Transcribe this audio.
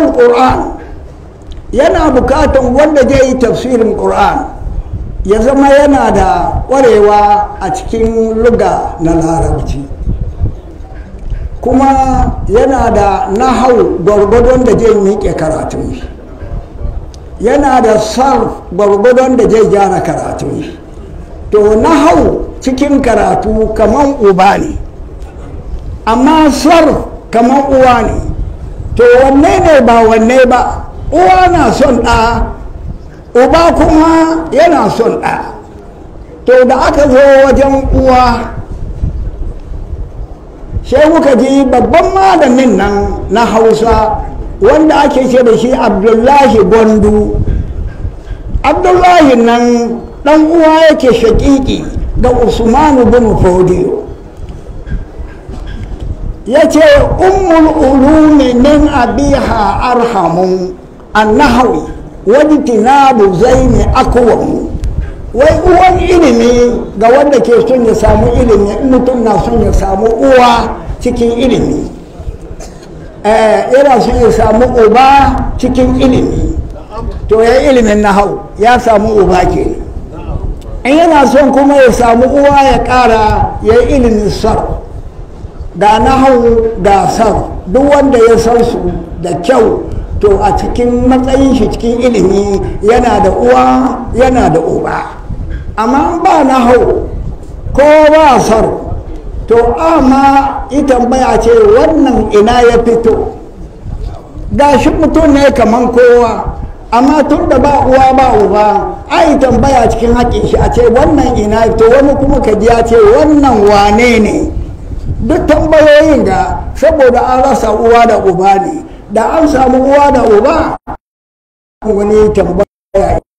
tafsirin ƙur'an yana bukatan wanda zai yi tafsirin ƙur'an ya zama yana da ƙwarewa a cikin luga na larabci kuma yana da nahau gwargwadon da zai miƙe karatun yana da sarf gwargwadon da zai gyara karatun to nahau cikin karatu kamar uba ne amma sarf kamar uwa ne to wanne ne ba wanne ba uwa na son ɗa uba kuma yana son ɗa to da aka zo wajen uwa sai kuka ji babban malamin nan na hausa wanda ake ce da shi abdullahi gwandu abdullahi nan ɗan uwa yake shaƙiƙi ga usmanu bin fodiyo ya ce umul Nin a من أبيها أرحم النحو واجتناب زين أقوم wai uwan ilimi ga wanda ke sunye samu ilimi in mutum na sunye samu uwa cikin ilimi yana son ya samu uba cikin ilimi to ya ilimin nahau ya samu uba ke in yana son kuma ya samu uwa ya kara ya ilimin sarf na hau da sar duk wanda ya san su da kyau to a cikin matsayin shi cikin ilimi yana da uwa yana da uba amma ba hau ko ba sar to amma ita baya ce wannan ina ya fito ga mutum ne kaman kowa amma tun da ba uwa ba uba ai tambaya cikin haƙin shi a ce wannan ina to wani kuma ka ji ya ce wannan wane ne duk tambayoyin da saboda an rasa uwa da uba ne da an samu uwa da uba wani tambaya